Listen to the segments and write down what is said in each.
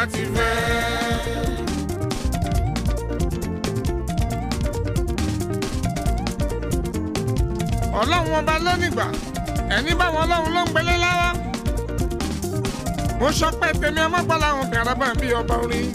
bá ti fẹ́. ọlọ́run ọba ló nígbà ẹni báwọn ọlọ́run ló ń gbẹlẹ́ lára mo sọ pé tèmi ọmọ gbọ́láhùn kàràbà bíi ọba orin.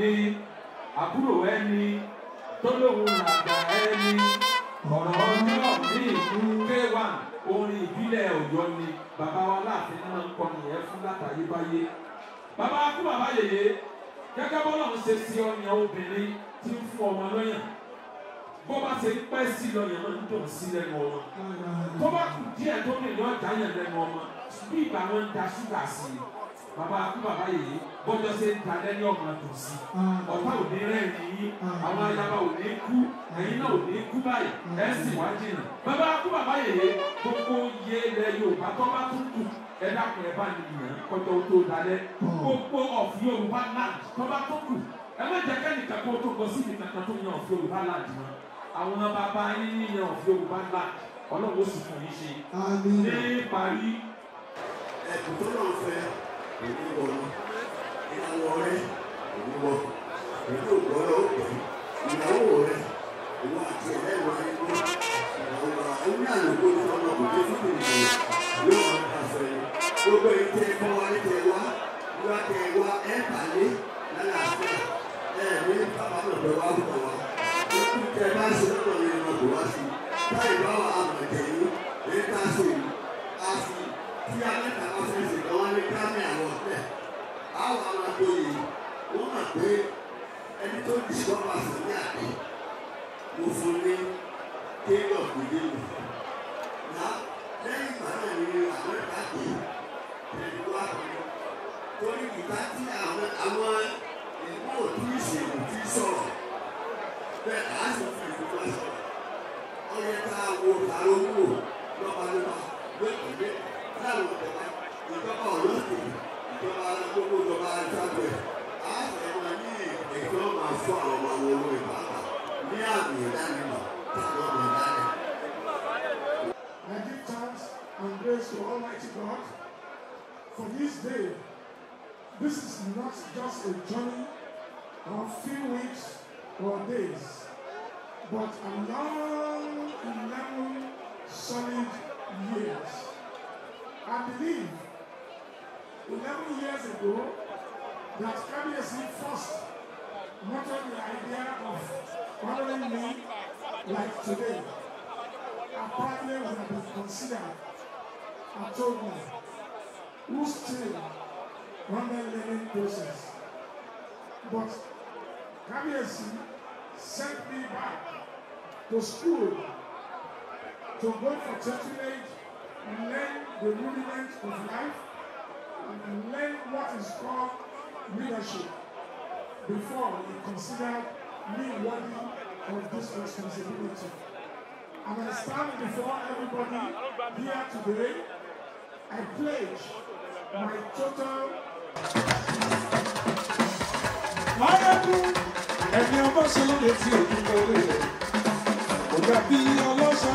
ní àbúrò ẹni tó lóun làgbà ẹni ọ̀rọ̀ ọjọ́ ní ìlú kéwà orin ìbílẹ̀ ọ̀yọ́ ni bàbá wa láàfin náà ń kọrin yẹn fún látàyébáyé bàbá kú bàbá yèyé gẹ́gẹ́ bọ́lá ń ṣe sí ọyàn obìnrin tí ń fún ọmọ lọ́yàn bó bá ṣe ń pẹ́ sí lọ́yàn máa ń dùn sí lẹ́nu ọmọ tó bá kù díẹ̀ tó lè ní ọjà yẹn lẹ́nu ọmọ bí ìgbà wọn ń da ṣúgà sí i bàbá fún bàbá yìí bọ́jọ́ ṣe ń ta lẹ́ni ọ̀gbọ̀n tó sí ọ̀tá ò ní rẹ́ẹ̀ni yín ah. àwọn ayaba ò ní kú ah. ẹ̀yin náà ò ní kú báyìí ah. ẹ̀ sì wá jìnnà bàbá fún bàbá yìí gbogbo yé lẹ Yorùbá tó bá tún kù ẹ dákun ẹ bá nìyẹn kọjọ tó dalẹ̀ gbogbo ọ̀fù Yorùbá náà tó bá tún kù ẹ má jẹ́ kẹ́nìkan kó tó gbọ́ sí ìdìkankan tó yan ọ̀fù Yorùbá náà jù àwọn bàbá yín yan òwúwọ ìyàwó rẹ òwúwọ èdè ògbọ́nà òpè ìyàwó rẹ òwú àti ẹ̀rọ ẹ̀kọ́ ìyàwó rẹ ní àlùkò ní ọmọ òkè fún ìgbìmọ̀ yóò máa ta sẹ́yìn gbogbo èyí tẹ ẹ̀kọ́ wa ní tẹ wá wá tẹ wá ẹ̀ pàdé lálàáfíà ẹ̀ ní bàbá lọ́dọ̀ wá bọ̀ wá kókó tẹ bá ṣe lọ́dọ̀ yẹn lọ bọ̀ wá sí táyì bá wà á mọ̀ ẹ̀jẹ̀ yìí èyí tá a ṣe yìí a fi tí a mẹ́ta wá fẹ́ ṣe ní grammy award bẹ́ẹ̀ àwọn amadó yìí wọ́n mọ̀ pé ẹni tó di bọ́ọ̀bà fún ní àdé mo fún ní kéwọ̀ gbèdé mi na lẹ́yìn ìgbà náà ni àwọn ẹ̀ka dé ẹni tó àkọ́kọ́ torí ìgbà tí àwọn àwọn ìmú òtún ìṣèlú ti sọ̀rọ̀ bẹ́ẹ̀ àá fi ìfowópamọ́ sọ̀rọ̀ ọ̀yẹ́ta wo ta ló wò. this day, this is not just a journey a few weeks or days, but a long, 11 solid years. I believe 11 years ago that KBSC first motored the idea of honoring me like today. Apparently would have been considered a total who still run their learning process. But KBSC sent me back to school to go for church and learn the rudiments of life and learn what is called leadership before you consider me worthy of this responsibility. And I stand before everybody here today. I pledge Maritota. Láyẹ̀dú ẹni ọmọ ṣẹlẹ̀ tí òkú lórí rẹ̀. Ògá bí ọlọ́ṣà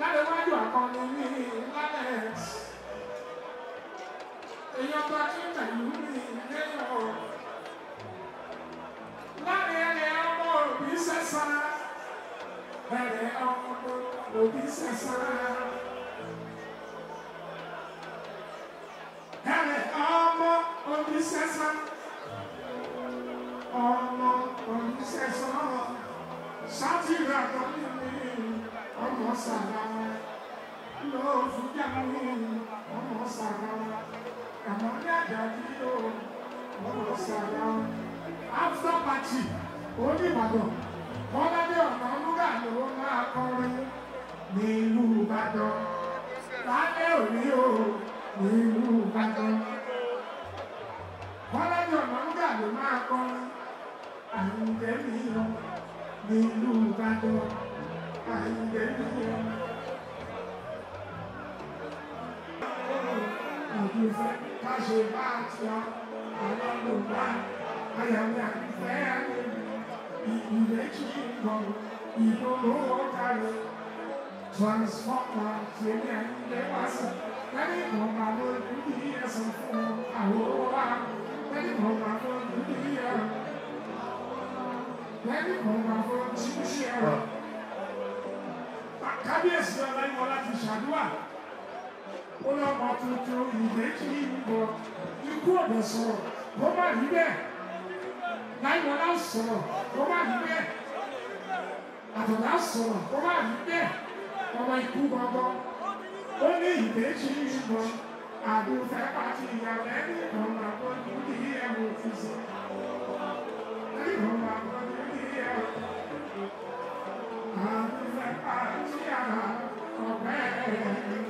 lálẹ́ wájú àkọni mi lálẹ́ èèyàn bá kí pẹ̀lú mi lẹ́yìn ọ̀ lálẹ́ ẹ̀rẹ̀ ọmọ òbí sẹ́sà ẹ̀rẹ̀ ọmọ òbí sẹ́sà. Ẹ̀rẹ̀ ọmọ òbí sẹ́sà ọmọ òbí sẹ́sà ṣáàtì rẹ̀ àkọ́kọ́. Osagara, Love Yamini, Osagara, Kamoda Dadio, Osagara, After Party, Oníbàdàn, Bọ́ládé Ọ̀nàrúgà ló máa kọrin nílùú Ìbàdàn. Lálẹ́ òní ìfẹ́ ká ṣe bá a ti ọ àwọn kábíyèsí ọláyíwọ láti ṣàdúrà ó lọ́mọ tuntun ìwé kí ìbò ikú ọ̀dọ̀ sọ̀rọ̀ kó má rí bẹ́ẹ̀ láyíwọ lá sọ̀rọ̀ kó má rí bẹ́ẹ̀ àtọ̀lá sọ̀rọ̀ kó má rí bẹ́ẹ̀ ọmọ ikú gbọ̀ngàn ó ní ìwé kí ìbò àdúfẹ́ pàtì ìyàwó ẹni ìkànnà kó ní kí ẹ̀wọ̀n fi sọ. Ìkànnà kó ní kí ẹ̀wọ̀n. Thank you.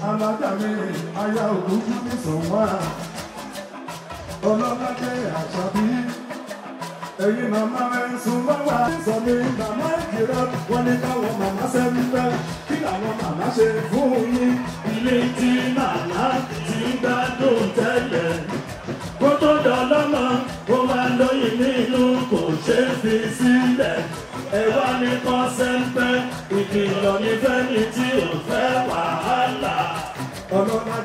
aládàáni aya ògúnjú ní sànwá ọlọ́lájẹ àṣàbí ẹ̀yin màmá rẹ̀ ń sun mọ́wá. sọ mi màmá ìkìlá wọn ní káwọn màmá sẹ́yìn fẹ́ kí làwọn màmá ṣe fún yín. ilé tí màmá ti ń gbádùn tẹ́lẹ̀ kó tó dọ̀lọ́mọ kó máa lóyìn nínú kò ṣeé fi sílẹ̀ ẹ̀wá ní kọ́sẹ́ńpẹ́ ìkìlọ̀ ní fẹ́mi tí ò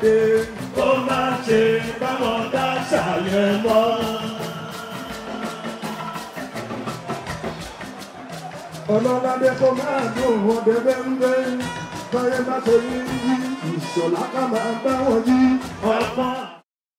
dé ó má ṣe báwọn dá ṣàyẹ̀ mọ́. ọlọ́ládé kó máa dùn wọ́n bẹ́ẹ̀ bẹ́ẹ̀ báyẹn bá ṣe yí ìṣọ̀lá ká máa bá wọn yí. ọmọ